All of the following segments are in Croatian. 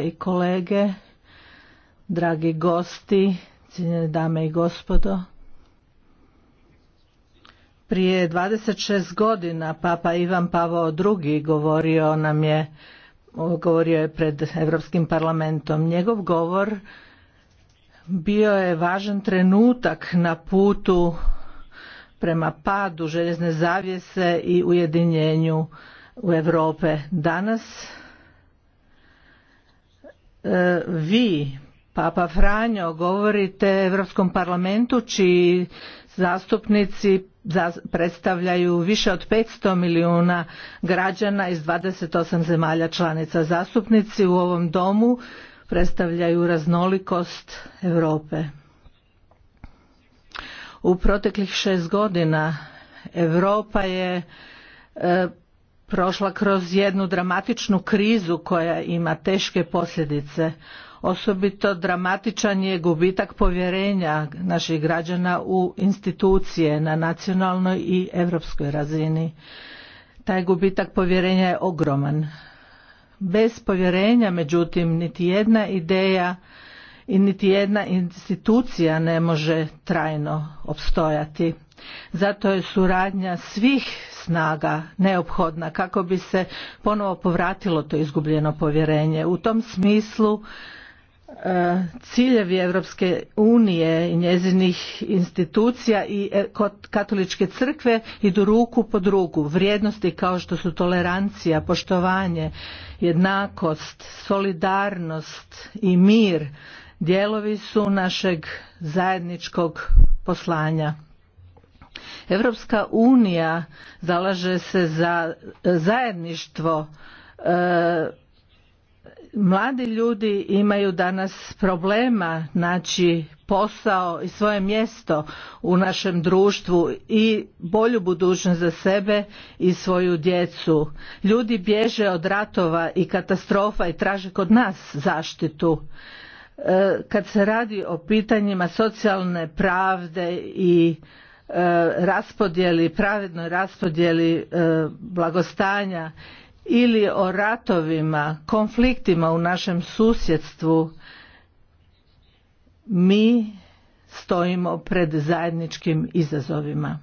i kolege, dragi gosti, cijenjene dame i gospodo. Prije 26 godina Papa Ivan Pavao II. govorio nam je govorio je pred Europskim parlamentom. Njegov govor bio je važan trenutak na putu prema padu željezne zavjese i ujedinjenju u Europe. Danas vi Papa Franjo govorite Europskom parlamentu čiji zastupnici predstavljaju više od 500 milijuna građana iz 28 zemalja članica. Zastupnici u ovom domu predstavljaju raznolikost Europe. U proteklih šest godina Europa je e, prošla kroz jednu dramatičnu krizu koja ima teške posljedice. Osobito dramatičan je gubitak povjerenja naših građana u institucije na nacionalnoj i europskoj razini. Taj gubitak povjerenja je ogroman. Bez povjerenja, međutim, niti jedna ideja i niti jedna institucija ne može trajno opstojati zato je suradnja svih snaga neophodna kako bi se ponovo povratilo to izgubljeno povjerenje. U tom smislu e, ciljevi Europske unije i njezinih institucija i e, katoličke crkve idu ruku pod ruku. Vrijednosti kao što su tolerancija, poštovanje, jednakost, solidarnost i mir dijelovi su našeg zajedničkog poslanja. Europska unija zalaže se za e, zajedništvo e, mladi ljudi imaju danas problema naći posao i svoje mjesto u našem društvu i bolju budućnost za sebe i svoju djecu ljudi bježe od ratova i katastrofa i traže kod nas zaštitu e, kad se radi o pitanjima socijalne pravde i E, raspodjeli, pravednoj raspodjeli e, blagostanja ili o ratovima, konfliktima u našem susjedstvu, mi stojimo pred zajedničkim izazovima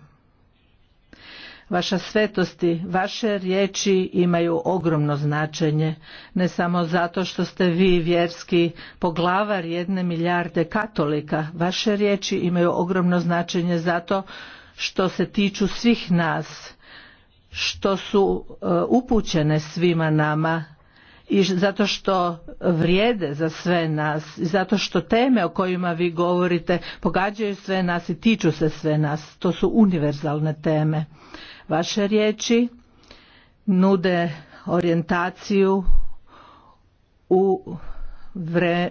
vaša svetosti, vaše riječi imaju ogromno značenje, ne samo zato što ste vi vjerski poglavar jedne milijarde katolika, vaše riječi imaju ogromno značenje zato što se tiču svih nas, što su e, upućene svima nama i zato što vrijede za sve nas i zato što teme o kojima vi govorite pogađaju sve nas i tiču se sve nas to su univerzalne teme Vaše riječi nude orijentaciju u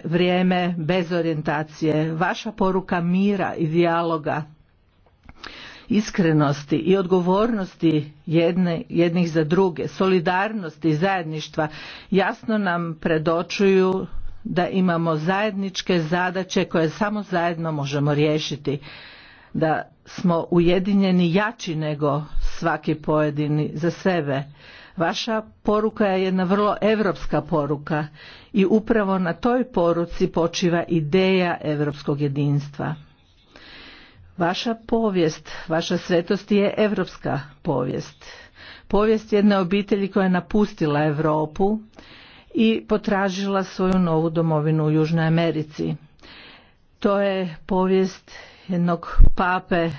vrijeme bez orijentacije. Vaša poruka mira i dijaloga, iskrenosti i odgovornosti jedne, jednih za druge, solidarnosti i zajedništva jasno nam predočuju da imamo zajedničke zadaće koje samo zajedno možemo riješiti da smo ujedinjeni jači nego svaki pojedini za sebe. Vaša poruka je jedna vrlo europska poruka i upravo na toj poruci počiva ideja europskog jedinstva. Vaša povijest, vaša svetost je europska povijest. Povijest jedne obitelji koja je napustila Europu i potražila svoju novu domovinu u Južnoj Americi. To je povijest jednog pape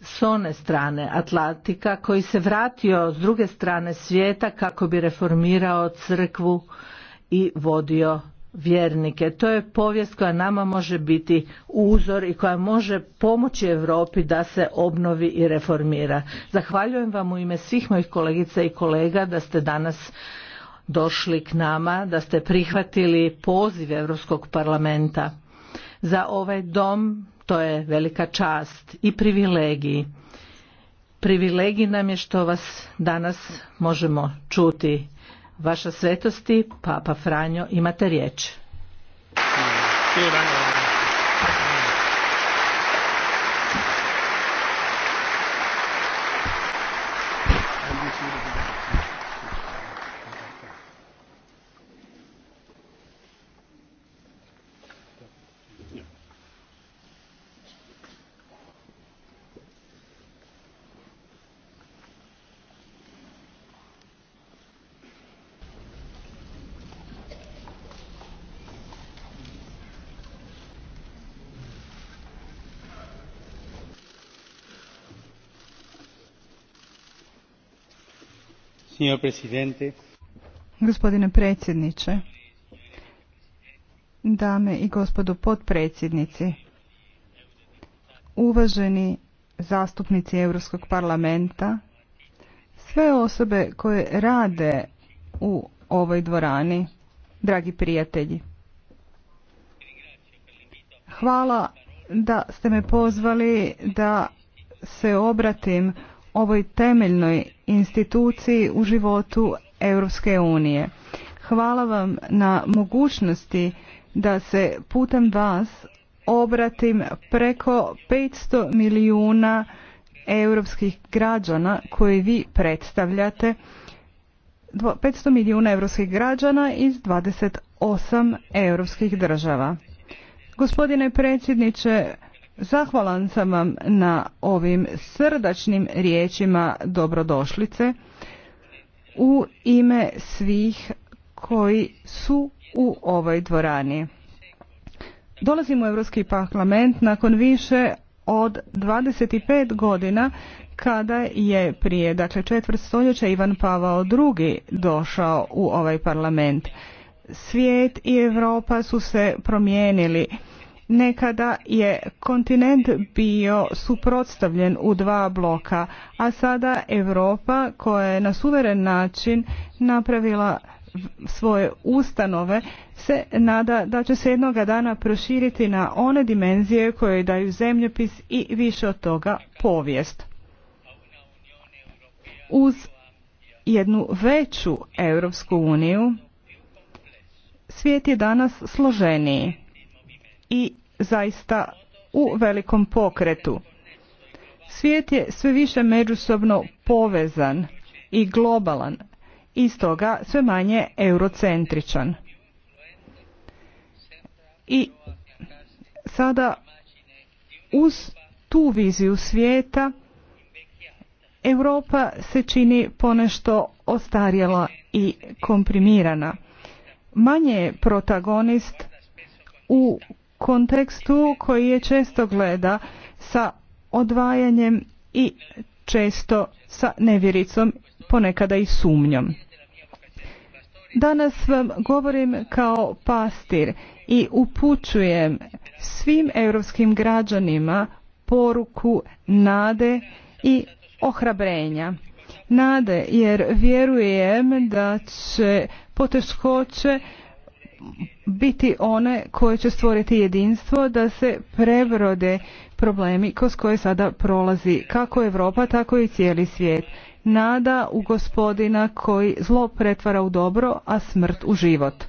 s one strane Atlantika koji se vratio s druge strane svijeta kako bi reformirao crkvu i vodio vjernike. To je povijest koja nama može biti uzor i koja može pomoći Europi da se obnovi i reformira. Zahvaljujem vam u ime svih mojih kolegica i kolega da ste danas došli k nama, da ste prihvatili poziv Europskog parlamenta. Za ovaj dom je velika čast i privilegiji. Privilegij nam je što vas danas možemo čuti. Vaša svetosti, Papa Franjo, imate riječ. Hvala. Gospodine predsjedniče, dame i gospodo potpredsjednici, uvaženi zastupnici Europskog parlamenta, sve osobe koje rade u ovoj dvorani, dragi prijatelji. Hvala da ste me pozvali da se obratim ovoj temeljnoj instituciji u životu Europske unije. Hvala vam na mogućnosti da se putem vas obratim preko 500 milijuna europskih građana koje vi predstavljate 500 milijuna europskih građana iz 28 europskih država. Gospodine predsjedniče, Zahvalan sam vam na ovim srdačnim riječima dobrodošlice u ime svih koji su u ovoj dvorani. Dolazim u Europski parlament nakon više od 25 godina kada je prije, dakle četvrt stoljeća Ivan Pavao II došao u ovaj parlament. Svijet i Europa su se promijenili Nekada je kontinent bio suprotstavljen u dva bloka, a sada Europa koja je na suveren način napravila svoje ustanove se nada da će se jednoga dana proširiti na one dimenzije koje daju zemljopis i više od toga povijest. Uz jednu veću Europsku uniju svijet je danas složeniji i zaista u velikom pokretu. Svijet je sve više međusobno povezan i globalan i stoga sve manje eurocentričan. I sada uz tu viziju svijeta Europa se čini ponešto ostarjela i komprimirana. Manje je protagonist u kontekstu koji je često gleda sa odvajanjem i često sa nevjericom, ponekada i sumnjom. Danas vam govorim kao pastir i upućujem svim europskim građanima poruku nade i ohrabrenja. Nade jer vjerujem da će poteškoće biti one koje će stvoriti jedinstvo da se prebrode problemi kroz koje sada prolazi kako Europa, tako i cijeli svijet. Nada u gospodina koji zlo pretvara u dobro, a smrt u život.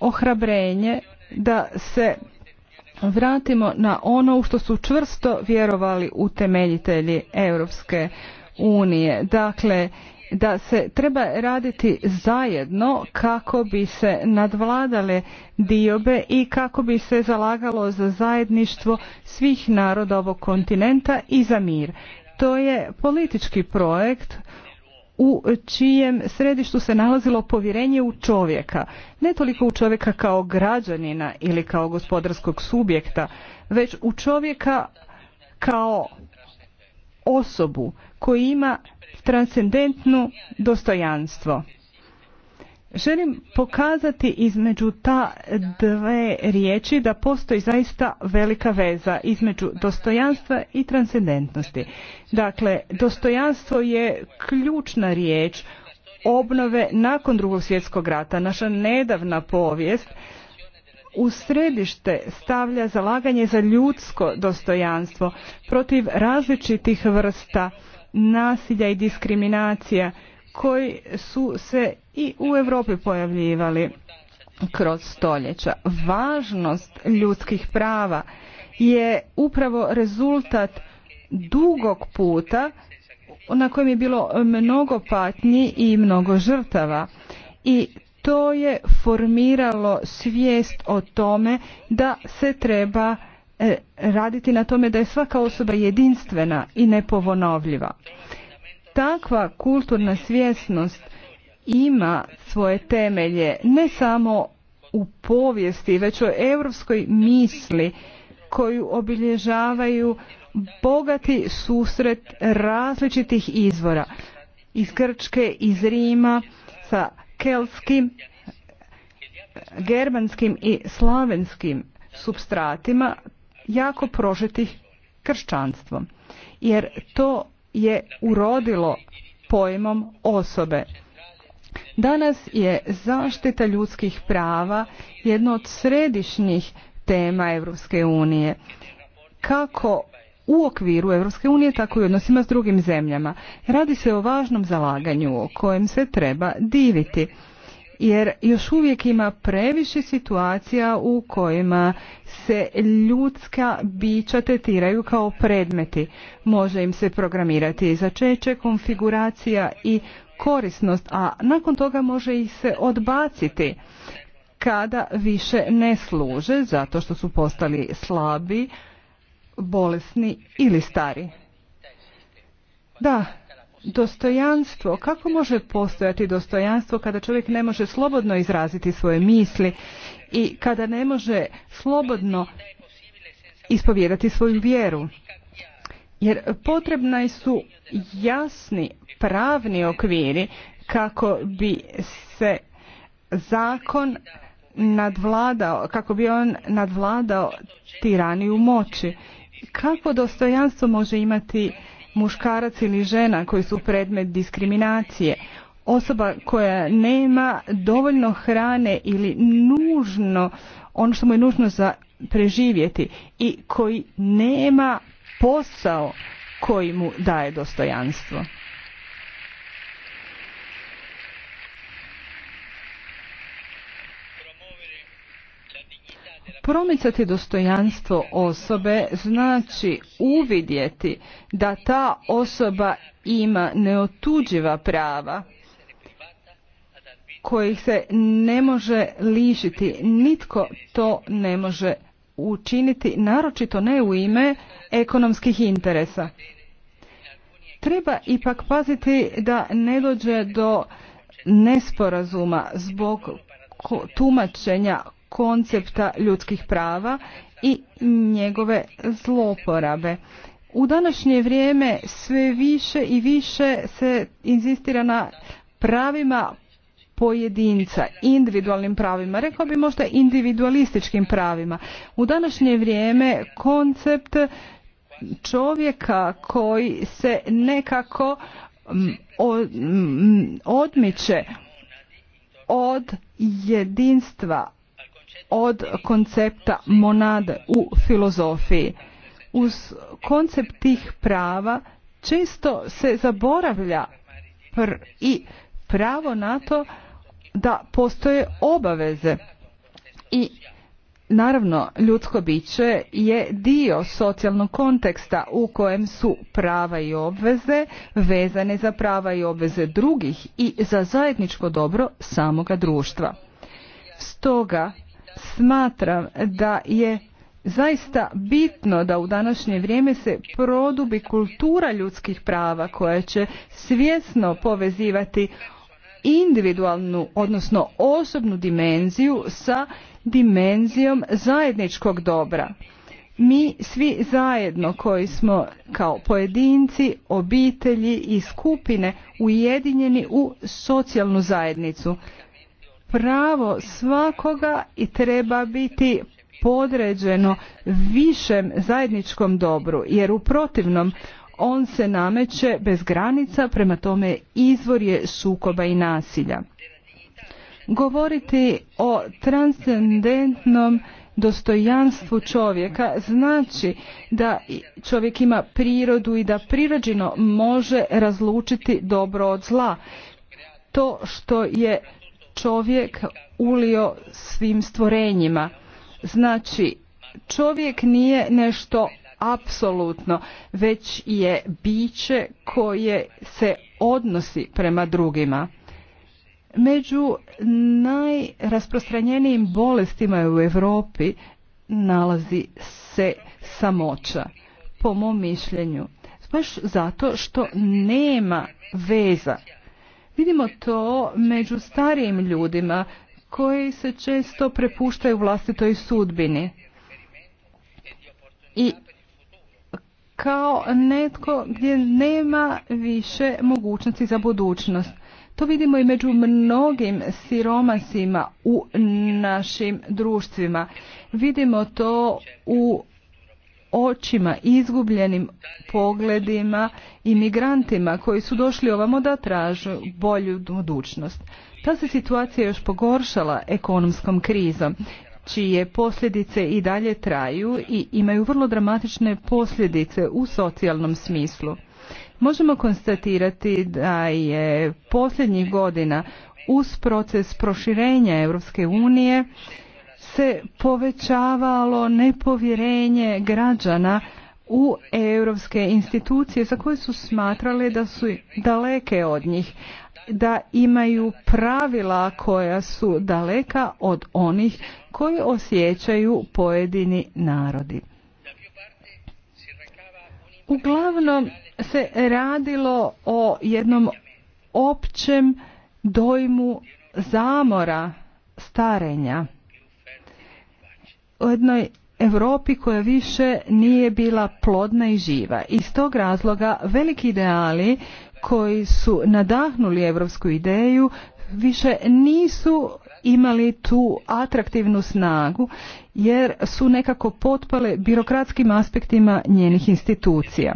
Ohrabrenje da se vratimo na ono u što su čvrsto vjerovali utemeljitelji Europske unije. Dakle, da se treba raditi zajedno kako bi se nadvladale diobe i kako bi se zalagalo za zajedništvo svih naroda ovog kontinenta i za mir. To je politički projekt u čijem središtu se nalazilo povjerenje u čovjeka, ne toliko u čovjeka kao građanina ili kao gospodarskog subjekta, već u čovjeka kao osobu koji ima transcendentnu dostojanstvo. Želim pokazati između ta dve riječi da postoji zaista velika veza između dostojanstva i transcendentnosti. Dakle, dostojanstvo je ključna riječ obnove nakon drugog svjetskog rata. Naša nedavna povijest u središte stavlja zalaganje za ljudsko dostojanstvo protiv različitih vrsta nasilja i diskriminacija koji su se i u Europi pojavljivali kroz stoljeća. Važnost ljudskih prava je upravo rezultat dugog puta na kojem je bilo mnogo patnji i mnogo žrtava. I to je formiralo svijest o tome da se treba E, raditi na tome da je svaka osoba jedinstvena i nepovonovljiva. Takva kulturna svjesnost ima svoje temelje ne samo u povijesti, već u europskoj misli koju obilježavaju bogati susret različitih izvora iz Grčke, iz Rima, sa kelskim, germanskim i slavenskim substratima jako prožeti kršćanstvom. Jer to je urodilo pojmom osobe. Danas je zaštita ljudskih prava jedno od središnjih tema Europske unije. Kako u okviru Europske unije, tako i odnosima s drugim zemljama. Radi se o važnom zalaganju o kojem se treba diviti jer još uvijek ima previše situacija u kojima se ljudska bića tetiraju kao predmeti. Može im se programirati začeće, konfiguracija i korisnost, a nakon toga može ih se odbaciti kada više ne služe zato što su postali slabi, bolesni ili stari. Da, dostojanstvo, kako može postojati dostojanstvo kada čovjek ne može slobodno izraziti svoje misli i kada ne može slobodno ispovijedati svoju vjeru? Jer potrebna su jasni pravni okviri kako bi se zakon nadvladao, kako bi on nadvladao tiraniju moći. Kako dostojanstvo može imati muškarac ili žena koji su predmet diskriminacije, osoba koja nema dovoljno hrane ili nužno ono što mu je nužno za preživjeti i koji nema posao koji mu daje dostojanstvo. Promicati dostojanstvo osobe znači uvidjeti da ta osoba ima neotuđiva prava kojih se ne može lišiti. Nitko to ne može učiniti, naročito ne u ime ekonomskih interesa. Treba ipak paziti da ne dođe do nesporazuma zbog tumačenja koncepta ljudskih prava i njegove zloporabe. U današnje vrijeme sve više i više se inzistira na pravima pojedinca, individualnim pravima, rekao bi možda individualističkim pravima. U današnje vrijeme koncept čovjeka koji se nekako mm, mm, odmiče od jedinstva od koncepta monade u filozofiji. Uz koncept tih prava često se zaboravlja pr i pravo na to da postoje obaveze i Naravno, ljudsko biće je dio socijalnog konteksta u kojem su prava i obveze vezane za prava i obveze drugih i za zajedničko dobro samoga društva. Stoga smatram da je zaista bitno da u današnje vrijeme se produbi kultura ljudskih prava koja će svjesno povezivati individualnu, odnosno osobnu dimenziju sa dimenzijom zajedničkog dobra. Mi svi zajedno koji smo kao pojedinci, obitelji i skupine ujedinjeni u socijalnu zajednicu pravo svakoga i treba biti podređeno višem zajedničkom dobru, jer u protivnom on se nameće bez granica, prema tome izvor je sukoba i nasilja. Govoriti o transcendentnom dostojanstvu čovjeka znači da čovjek ima prirodu i da prirođeno može razlučiti dobro od zla. To što je čovjek ulio svim stvorenjima. Znači, čovjek nije nešto apsolutno, već je biće koje se odnosi prema drugima. Među najrasprostranjenijim bolestima u Europi nalazi se samoća, po mom mišljenju. Baš zato što nema veza Vidimo to među starijim ljudima koji se često prepuštaju vlastitoj sudbini. I kao netko gdje nema više mogućnosti za budućnost. To vidimo i među mnogim siromasima u našim društvima. Vidimo to u očima, izgubljenim pogledima imigrantima koji su došli ovamo da tražu bolju budućnost. Ta se situacija još pogoršala ekonomskom krizom čije posljedice i dalje traju i imaju vrlo dramatične posljedice u socijalnom smislu. Možemo konstatirati da je posljednjih godina uz proces proširenja Europske unije se povećavalo nepovjerenje građana u europske institucije za koje su smatrale da su daleke od njih, da imaju pravila koja su daleka od onih koji osjećaju pojedini narodi. Uglavnom se radilo o jednom općem dojmu zamora starenja u jednoj Europi koja više nije bila plodna i živa. Iz tog razloga veliki ideali koji su nadahnuli europsku ideju više nisu imali tu atraktivnu snagu jer su nekako potpale birokratskim aspektima njenih institucija.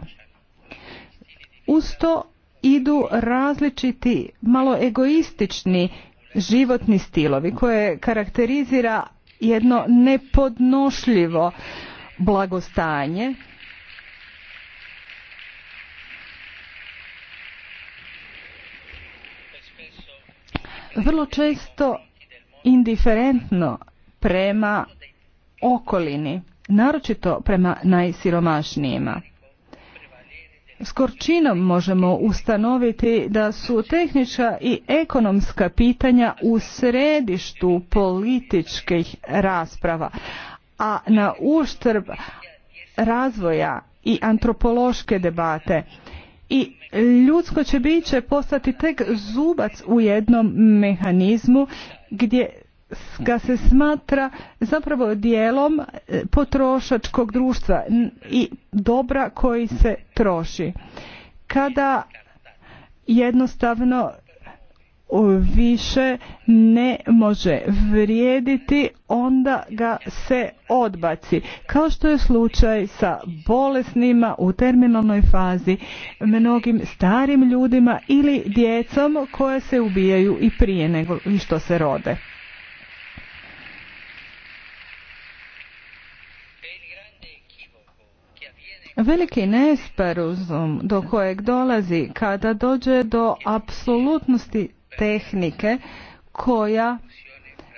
Uz to idu različiti malo egoistični životni stilovi koje karakterizira jedno nepodnošljivo blagostanje vrlo često indiferentno prema okolini naročito prema najsiromašnijima s korčinom možemo ustanoviti da su tehnička i ekonomska pitanja u središtu političkih rasprava, a na uštrb razvoja i antropološke debate i ljudsko će biće postati tek zubac u jednom mehanizmu gdje ga se smatra zapravo dijelom e, potrošačkog društva i dobra koji se troši. Kada jednostavno više ne može vrijediti, onda ga se odbaci. Kao što je slučaj sa bolesnima u terminalnoj fazi, mnogim starim ljudima ili djecom koje se ubijaju i prije nego što se rode. Veliki nesparuzum do kojeg dolazi kada dođe do apsolutnosti tehnike koja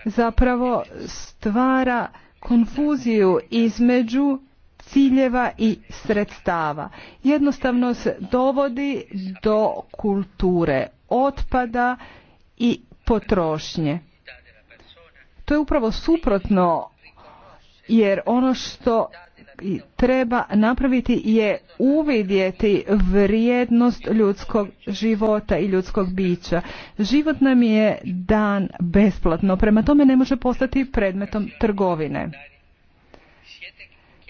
zapravo stvara konfuziju između ciljeva i sredstava. Jednostavno se dovodi do kulture otpada i potrošnje. To je upravo suprotno jer ono što treba napraviti je uvidjeti vrijednost ljudskog života i ljudskog bića. Život nam je dan besplatno, prema tome ne može postati predmetom trgovine.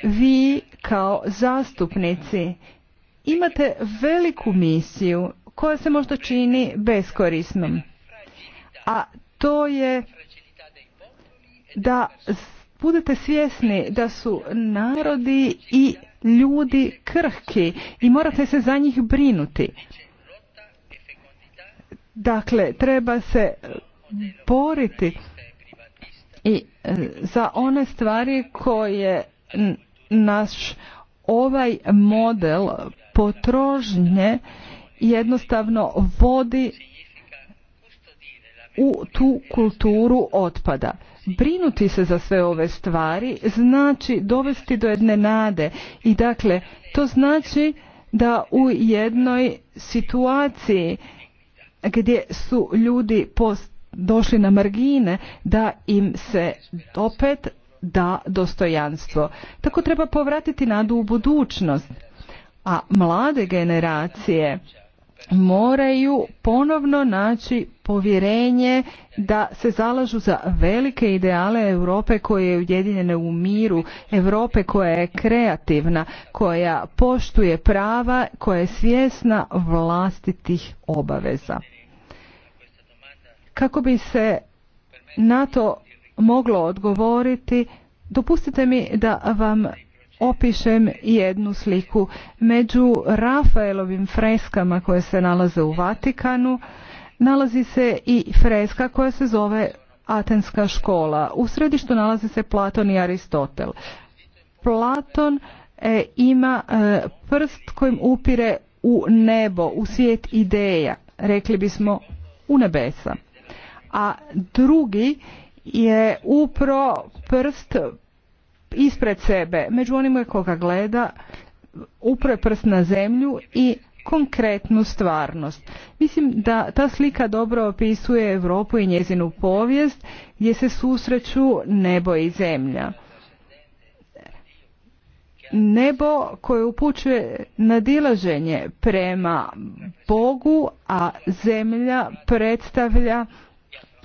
Vi kao zastupnici imate veliku misiju koja se možda čini beskorisnom. A to je da budete svjesni da su narodi i ljudi krhki i morate se za njih brinuti. Dakle, treba se boriti i e, za one stvari koje naš ovaj model potrožnje jednostavno vodi u tu kulturu otpada brinuti se za sve ove stvari znači dovesti do jedne nade i dakle to znači da u jednoj situaciji gdje su ljudi došli na margine da im se opet da dostojanstvo. Tako treba povratiti nadu u budućnost. A mlade generacije moraju ponovno naći povjerenje da se zalažu za velike ideale Europe koje je ujedinjene u miru, Europe koja je kreativna, koja poštuje prava, koja je svjesna vlastitih obaveza. Kako bi se na to moglo odgovoriti, dopustite mi da vam opišem jednu sliku. Među Rafaelovim freskama koje se nalaze u Vatikanu nalazi se i freska koja se zove Atenska škola. U središtu nalazi se Platon i Aristotel. Platon e, ima e, prst kojim upire u nebo, u svijet ideja, rekli bismo u nebesa. A drugi je upro prst ispred sebe, među onima koga gleda, upre na zemlju i konkretnu stvarnost. Mislim da ta slika dobro opisuje Europu i njezinu povijest gdje se susreću nebo i zemlja. Nebo koje upućuje nadilaženje prema Bogu, a zemlja predstavlja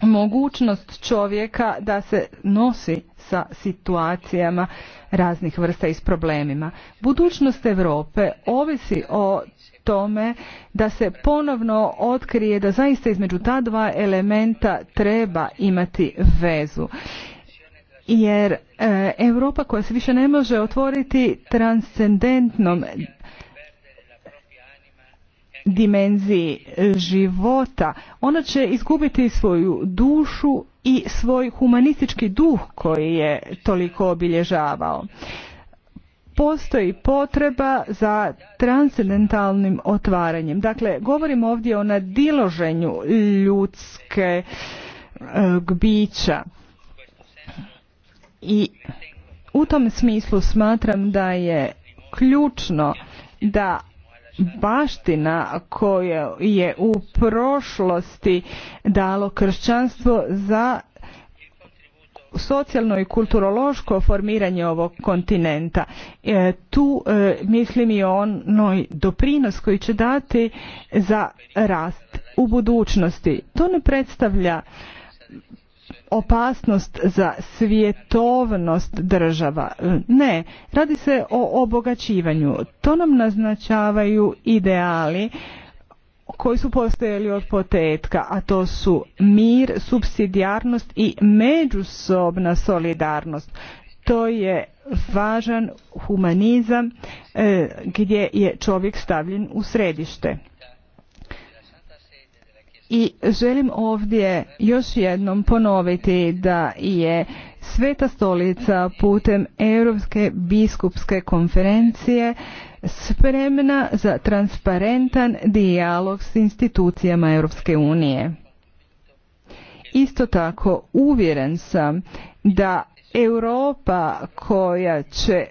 mogućnost čovjeka da se nosi sa situacijama raznih vrsta i s problemima. Budućnost Europe ovisi o tome da se ponovno otkrije da zaista između ta dva elementa treba imati vezu. Jer e, Europa koja se više ne može otvoriti transcendentnom dimenziji e, života, ona će izgubiti svoju dušu i svoj humanistički duh koji je toliko obilježavao. Postoji potreba za transcendentalnim otvaranjem. Dakle, govorimo ovdje o nadiloženju ljudske e, bića. I u tom smislu smatram da je ključno da baština koje je u prošlosti dalo kršćanstvo za socijalno i kulturološko formiranje ovog kontinenta. E, tu e, mislim i onoj doprinos koji će dati za rast u budućnosti. To ne predstavlja opasnost za svjetovnost država. Ne, radi se o obogaćivanju. To nam naznačavaju ideali koji su postojali od potetka, a to su mir, subsidijarnost i međusobna solidarnost. To je važan humanizam e, gdje je čovjek stavljen u središte. I želim ovdje još jednom ponoviti da je Sveta stolica putem Europske biskupske konferencije spremna za transparentan dijalog s institucijama Europske unije. Isto tako uvjeren sam da Europa koja će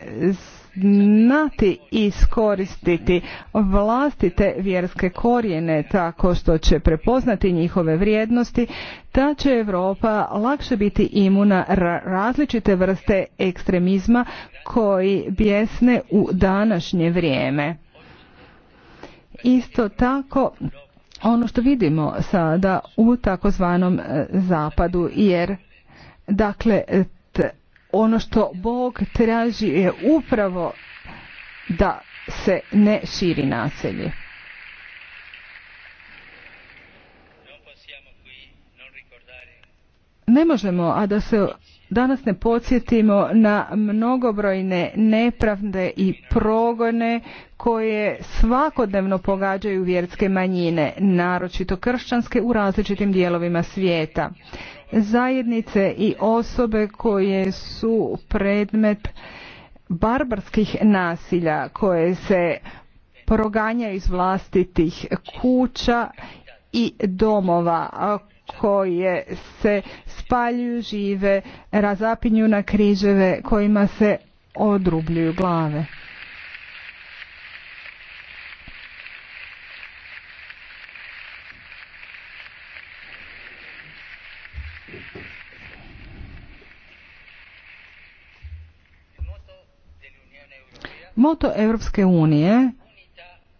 znati iskoristiti vlastite vjerske korijene tako što će prepoznati njihove vrijednosti, ta će Europa lakše biti imuna različite vrste ekstremizma koji bjesne u današnje vrijeme. Isto tako ono što vidimo sada u takozvanom e, zapadu jer dakle ono što Bog traži je upravo da se ne širi naselje. Ne možemo, a da se danas ne podsjetimo na mnogobrojne nepravde i progone koje svakodnevno pogađaju vjerske manjine, naročito kršćanske u različitim dijelovima svijeta zajednice i osobe koje su predmet barbarskih nasilja koje se proganja iz vlastitih kuća i domova koje se spaljuju žive, razapinju na križeve kojima se odrubljuju glave. Moto Europske unije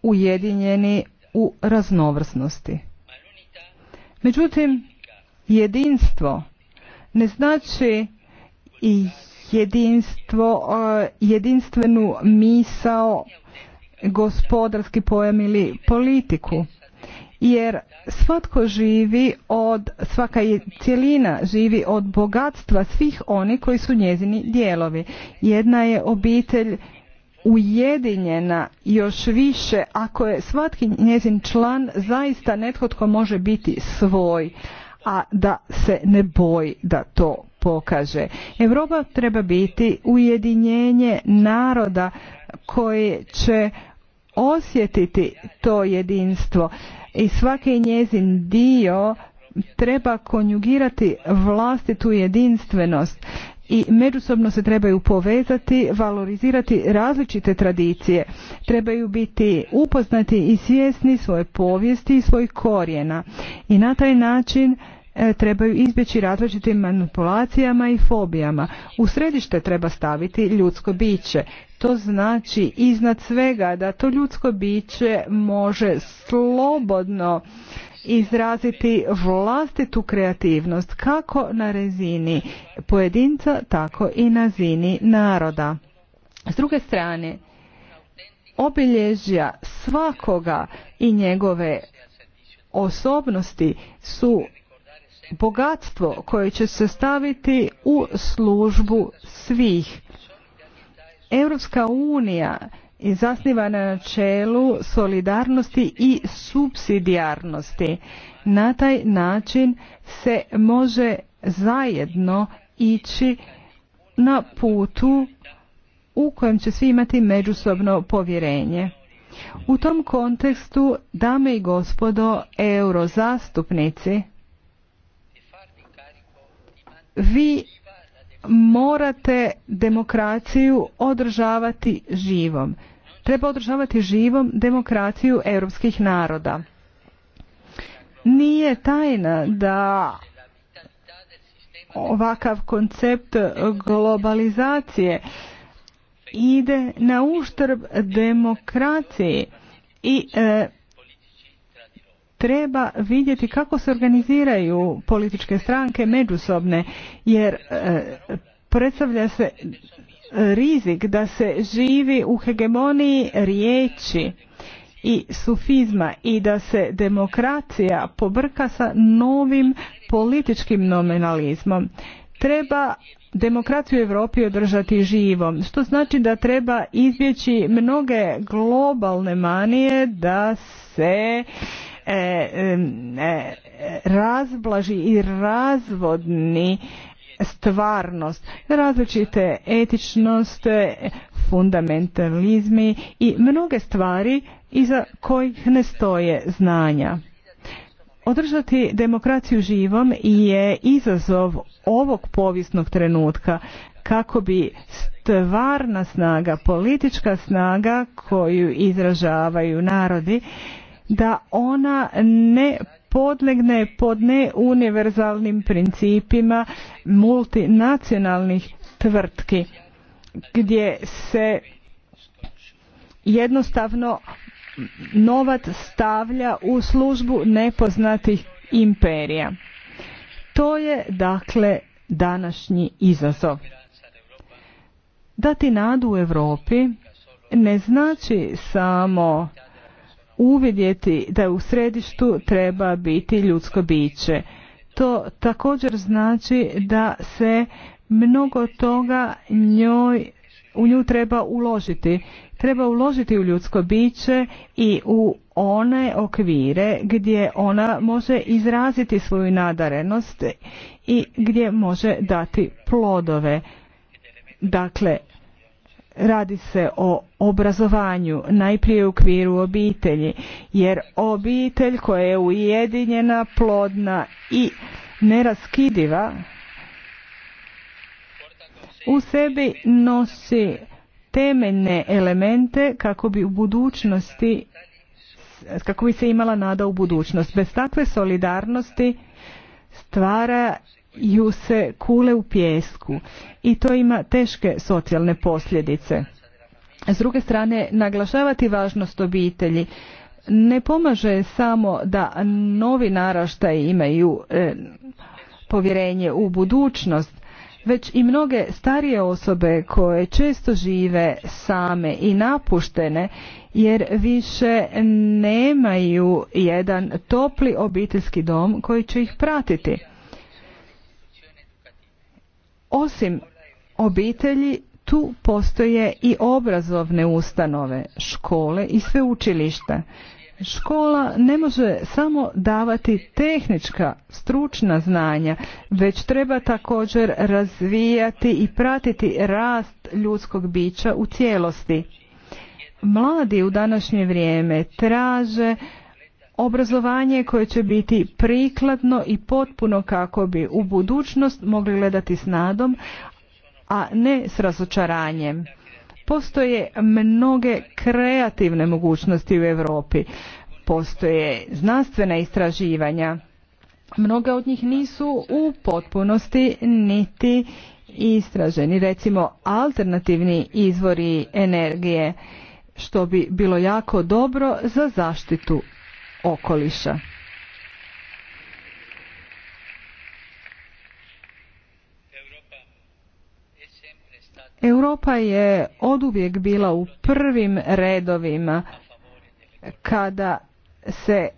ujedinjeni u raznovrsnosti. Međutim, jedinstvo ne znači i jedinstvo, e, jedinstvenu misao, gospodarski pojam ili politiku. Jer svatko živi od, svaka cjelina živi od bogatstva svih oni koji su njezini dijelovi. Jedna je obitelj ujedinjena još više ako je svatki njezin član zaista netko tko može biti svoj a da se ne boji da to pokaže. Europa treba biti ujedinjenje naroda koje će osjetiti to jedinstvo i svaki njezin dio treba konjugirati vlastitu jedinstvenost i međusobno se trebaju povezati, valorizirati različite tradicije. Trebaju biti upoznati i svjesni svoje povijesti i svojih korijena i na taj način e, trebaju izbjeći različitim manipulacijama i fobijama. U središte treba staviti ljudsko biće. To znači iznad svega da to ljudsko biće može slobodno izraziti vlastitu kreativnost kako na rezini pojedinca, tako i na zini naroda. S druge strane, obilježja svakoga i njegove osobnosti su bogatstvo koje će se staviti u službu svih. Europska unija i zasniva na načelu solidarnosti i subsidijarnosti. Na taj način se može zajedno ići na putu u kojem će svi imati međusobno povjerenje. U tom kontekstu, dame i gospodo eurozastupnici, vi morate demokraciju održavati živom. Treba održavati živom demokraciju europskih naroda. Nije tajna da ovakav koncept globalizacije ide na uštrb demokracije i e, treba vidjeti kako se organiziraju političke stranke međusobne jer e, predstavlja se rizik da se živi u hegemoniji riječi i sufizma i da se demokracija pobrka sa novim političkim nominalizmom. Treba demokraciju u Europi održati živom, što znači da treba izbjeći mnoge globalne manije da se E, e, razblaži i razvodni stvarnost, različite etičnost, fundamentalizmi i mnoge stvari iza kojih ne stoje znanja. Održati demokraciju živom je izazov ovog povijesnog trenutka kako bi stvarna snaga, politička snaga koju izražavaju narodi da ona ne podlegne pod neuniverzalnim principima multinacionalnih tvrtki gdje se jednostavno novac stavlja u službu nepoznatih imperija. To je dakle današnji izazov. Dati nadu u Europi ne znači samo uvidjeti da u središtu treba biti ljudsko biće. To također znači da se mnogo toga njoj, u nju treba uložiti. Treba uložiti u ljudsko biće i u one okvire gdje ona može izraziti svoju nadarenost i gdje može dati plodove. Dakle, Radi se o obrazovanju, najprije u okviru obitelji, jer obitelj koja je ujedinjena, plodna i neraskidiva u sebi nosi temeljne elemente kako bi u budućnosti kako bi se imala nada u budućnost. Bez takve solidarnosti stvara ju se kule u pjesku i to ima teške socijalne posljedice. S druge strane, naglašavati važnost obitelji ne pomaže samo da novi naraštaj imaju e, povjerenje u budućnost, već i mnoge starije osobe koje često žive same i napuštene jer više nemaju jedan topli obiteljski dom koji će ih pratiti. Osim obitelji, tu postoje i obrazovne ustanove, škole i sveučilišta. Škola ne može samo davati tehnička, stručna znanja, već treba također razvijati i pratiti rast ljudskog bića u cijelosti. Mladi u današnje vrijeme traže obrazovanje koje će biti prikladno i potpuno kako bi u budućnost mogli gledati s nadom, a ne s razočaranjem. Postoje mnoge kreativne mogućnosti u Europi. Postoje znanstvena istraživanja. Mnoga od njih nisu u potpunosti niti istraženi. Recimo alternativni izvori energije što bi bilo jako dobro za zaštitu okoliša. Europa je oduvijek bila u prvim redovima kada se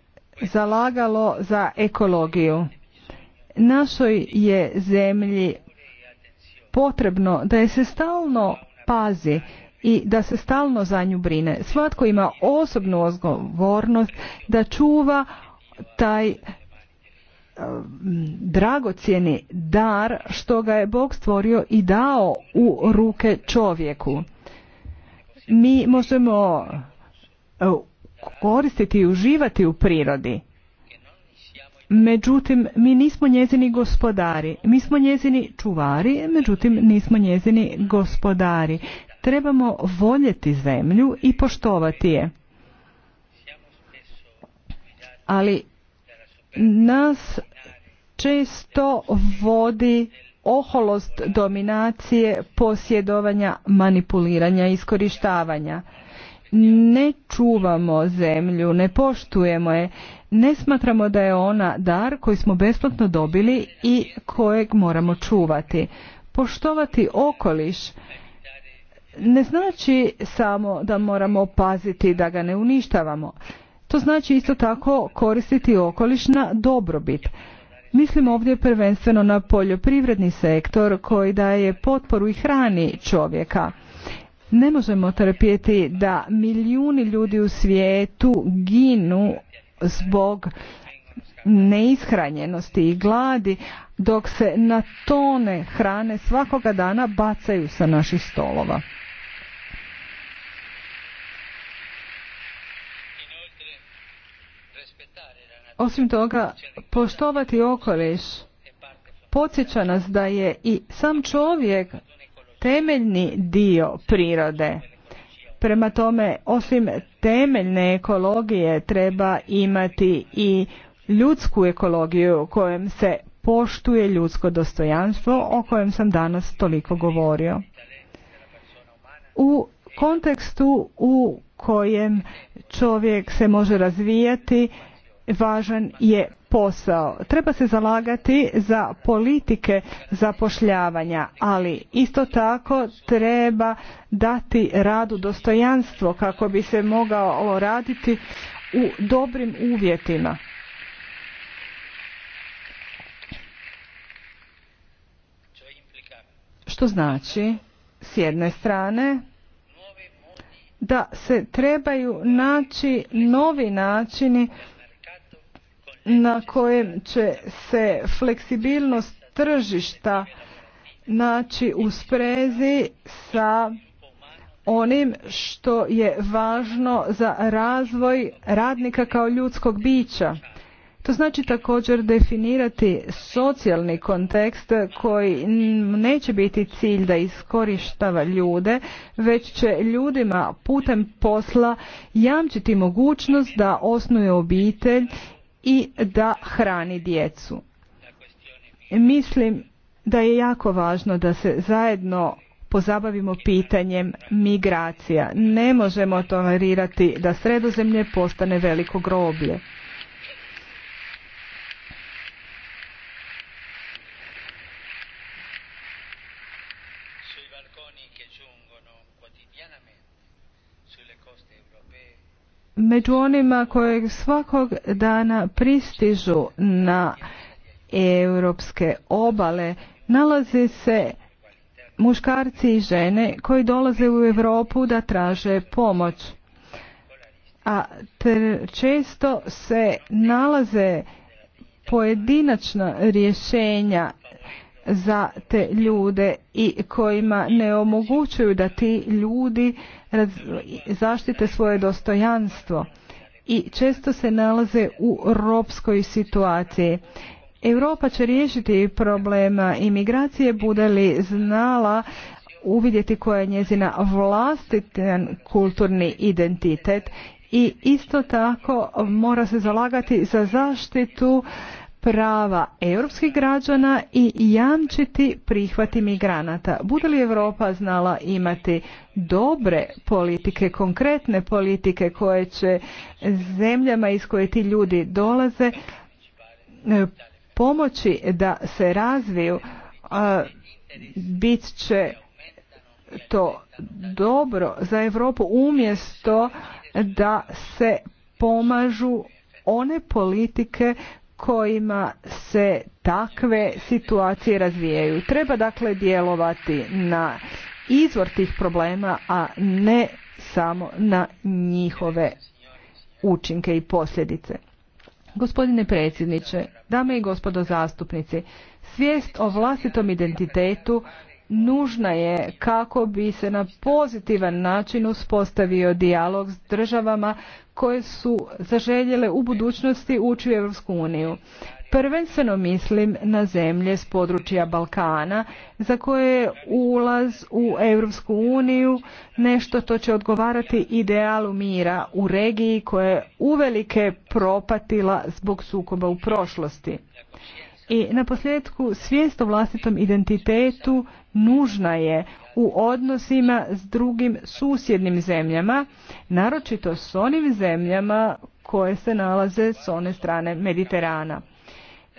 zalagalo za ekologiju. Našoj je zemlji potrebno da je se stalno pazi i da se stalno za nju brine. Svatko ima osobnu odgovornost da čuva taj e, dragocjeni dar što ga je Bog stvorio i dao u ruke čovjeku. Mi možemo e, koristiti i uživati u prirodi. Međutim, mi nismo njezini gospodari. Mi smo njezini čuvari, međutim nismo njezini gospodari. Trebamo voljeti zemlju i poštovati je. Ali nas često vodi oholost dominacije, posjedovanja, manipuliranja, iskorištavanja. Ne čuvamo zemlju, ne poštujemo je, ne smatramo da je ona dar koji smo besplatno dobili i kojeg moramo čuvati. Poštovati okoliš ne znači samo da moramo paziti da ga ne uništavamo. To znači isto tako koristiti okoliš na dobrobit. Mislim ovdje prvenstveno na poljoprivredni sektor koji daje potporu i hrani čovjeka. Ne možemo trpjeti da milijuni ljudi u svijetu ginu zbog neishranjenosti i gladi dok se na tone hrane svakoga dana bacaju sa naših stolova. Osim toga, poštovati okoliš podsjeća nas da je i sam čovjek temeljni dio prirode. Prema tome, osim temeljne ekologije treba imati i ljudsku ekologiju kojem se poštuje ljudsko dostojanstvo o kojem sam danas toliko govorio. U kontekstu u kojem čovjek se može razvijati važan je posao. Treba se zalagati za politike zapošljavanja, ali isto tako treba dati radu dostojanstvo kako bi se mogao raditi u dobrim uvjetima. Što znači, s jedne strane, da se trebaju naći novi načini na kojem će se fleksibilnost tržišta naći u sprezi sa onim što je važno za razvoj radnika kao ljudskog bića. To znači također definirati socijalni kontekst koji neće biti cilj da iskorištava ljude, već će ljudima putem posla jamčiti mogućnost da osnuje obitelj i da hrani djecu. Mislim da je jako važno da se zajedno pozabavimo pitanjem migracija. Ne možemo tolerirati da sredozemlje postane veliko groblje. među onima koje svakog dana pristižu na europske obale nalaze se muškarci i žene koji dolaze u Europu da traže pomoć. A često se nalaze pojedinačna rješenja za te ljude i kojima ne omogućuju da ti ljudi zaštite svoje dostojanstvo i često se nalaze u ropskoj situaciji. Europa će riješiti problema imigracije bude li znala uvidjeti koja je njezina vlastitan kulturni identitet i isto tako mora se zalagati za zaštitu prava europskih građana i jamčiti prihvati migranata. Bude li Europa znala imati dobre politike, konkretne politike koje će zemljama iz koje ti ljudi dolaze e, pomoći da se razviju, bit će to dobro za Europu umjesto da se pomažu one politike kojima se takve situacije razvijaju. Treba dakle djelovati na izvor tih problema, a ne samo na njihove učinke i posljedice. Gospodine predsjedniče, dame i gospodo zastupnici, svijest o vlastitom identitetu nužna je kako bi se na pozitivan način uspostavio dijalog s državama koje su zaželjele u budućnosti ući u Europsku uniju. Prvenstveno mislim na zemlje s područja Balkana za koje je ulaz u Europsku uniju nešto to će odgovarati idealu mira u regiji koja je uvelike propatila zbog sukoba u prošlosti. I na posljedku svijest o vlastitom identitetu nužna je u odnosima s drugim susjednim zemljama, naročito s onim zemljama koje se nalaze s one strane Mediterana.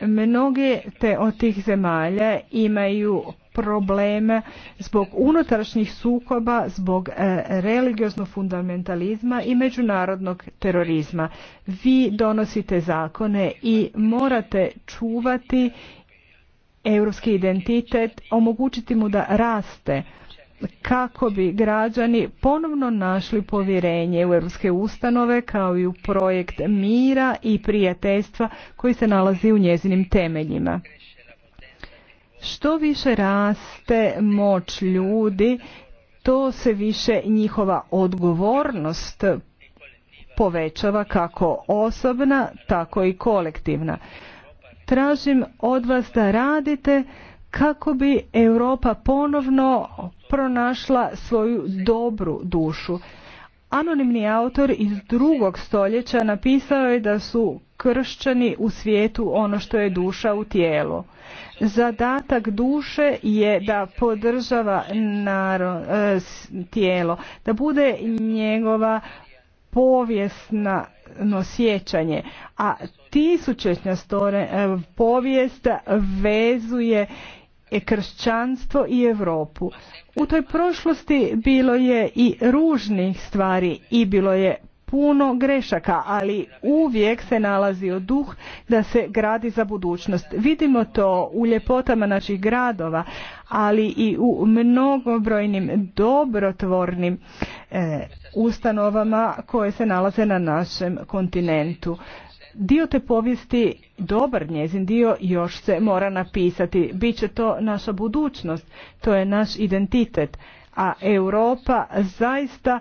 Mnoge te od tih zemalja imaju probleme zbog unutrašnjih sukoba, zbog e, religioznog fundamentalizma i međunarodnog terorizma. Vi donosite zakone i morate čuvati europski identitet, omogućiti mu da raste kako bi građani ponovno našli povjerenje u europske ustanove kao i u projekt mira i prijateljstva koji se nalazi u njezinim temeljima. Što više raste moć ljudi, to se više njihova odgovornost povećava kako osobna, tako i kolektivna. Tražim od vas da radite kako bi Europa ponovno pronašla svoju dobru dušu. Anonimni autor iz drugog stoljeća napisao je da su kršćani u svijetu ono što je duša u tijelu. Zadatak duše je da podržava narod, e, tijelo, da bude njegova povijesna sjećanje, a tisućešnja store, e, povijest vezuje kršćanstvo i Europu. U toj prošlosti bilo je i ružnih stvari i bilo je puno grešaka, ali uvijek se nalazio duh da se gradi za budućnost. Vidimo to u ljepotama naših gradova, ali i u mnogobrojnim dobrotvornim e, ustanovama koje se nalaze na našem kontinentu. Dio te povijesti, dobar njezin dio, još se mora napisati. Biće to naša budućnost, to je naš identitet, a Europa zaista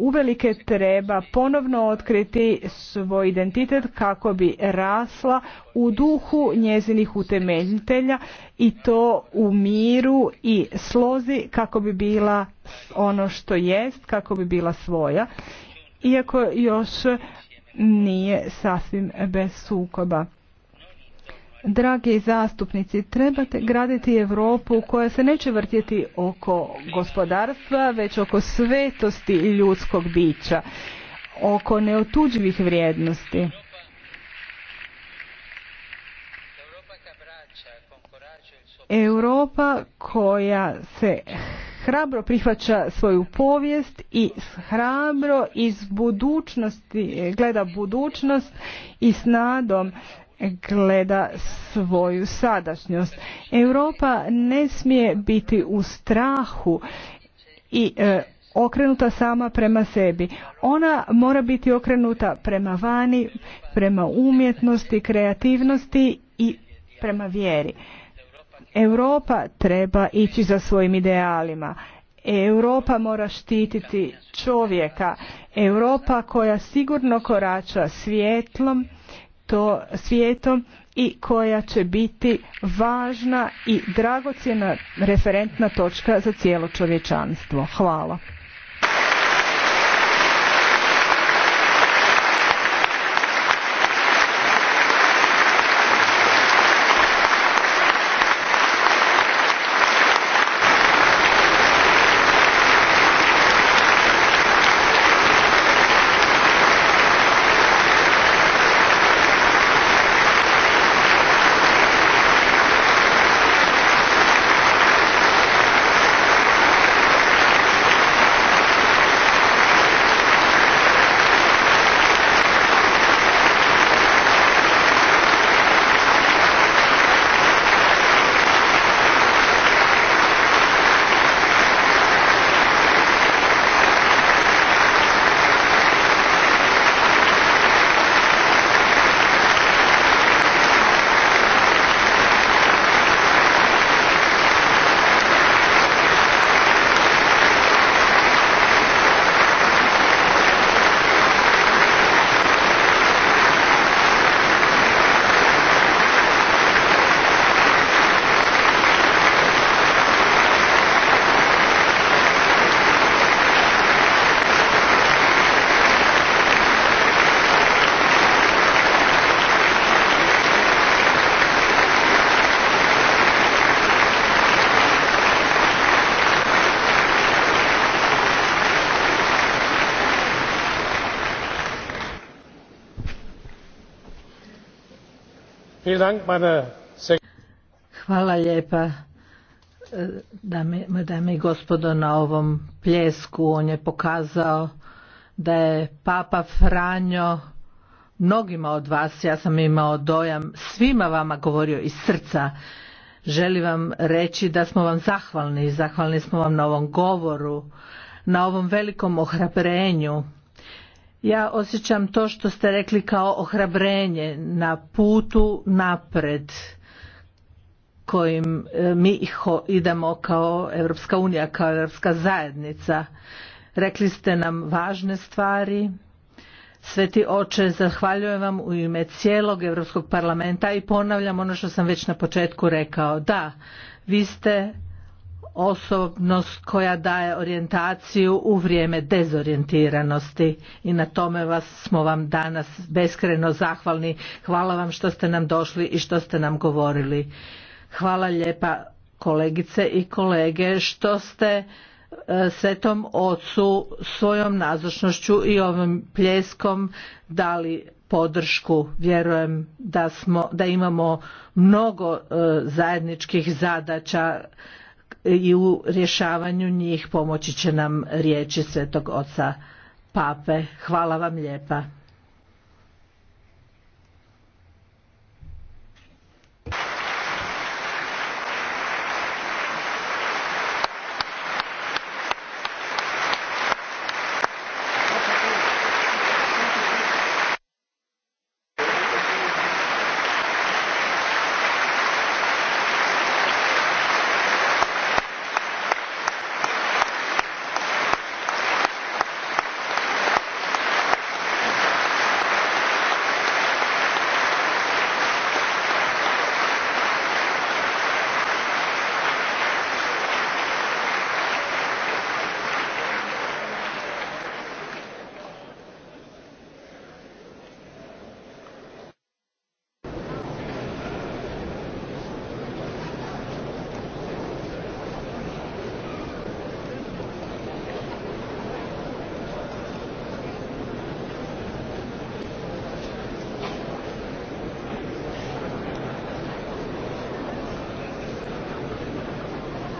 uvelike treba ponovno otkriti svoj identitet kako bi rasla u duhu njezinih utemeljitelja i to u miru i slozi kako bi bila ono što jest, kako bi bila svoja, iako još nije sasvim bez sukoba. Dragi zastupnici, trebate graditi Europu koja se neće vrtjeti oko gospodarstva, već oko svetosti ljudskog bića, oko neotuđivih vrijednosti. Europa koja se hrabro prihvaća svoju povijest i hrabro iz budućnosti gleda budućnost i s nadom gleda svoju sadašnjost. Europa ne smije biti u strahu i e, okrenuta sama prema sebi. Ona mora biti okrenuta prema vani, prema umjetnosti, kreativnosti i prema vjeri. Europa treba ići za svojim idealima. Europa mora štititi čovjeka. Europa koja sigurno korača svjetlom to svijetom i koja će biti važna i dragocjena referentna točka za cijelo čovječanstvo. Hvala. Hvala lijepa dame, i gospodo na ovom pljesku. On je pokazao da je Papa Franjo mnogima od vas, ja sam imao dojam, svima vama govorio iz srca. Želim vam reći da smo vam zahvalni. Zahvalni smo vam na ovom govoru, na ovom velikom ohrabrenju ja osjećam to što ste rekli kao ohrabrenje na putu napred kojim e, mi idemo kao Europska unija, kao Europska zajednica. Rekli ste nam važne stvari. Sveti oče, zahvaljujem vam u ime cijelog Europskog parlamenta i ponavljam ono što sam već na početku rekao. Da, vi ste osobnost koja daje orijentaciju u vrijeme dezorijentiranosti i na tome vas smo vam danas beskreno zahvalni. Hvala vam što ste nam došli i što ste nam govorili. Hvala lijepa kolegice i kolege što ste e, Svetom Ocu svojom nazočnošću i ovim pljeskom dali podršku. Vjerujem da, smo, da imamo mnogo e, zajedničkih zadaća E, i u rješavanju njih pomoći će nam riječi Svetog Oca Pape. Hvala vam lijepa.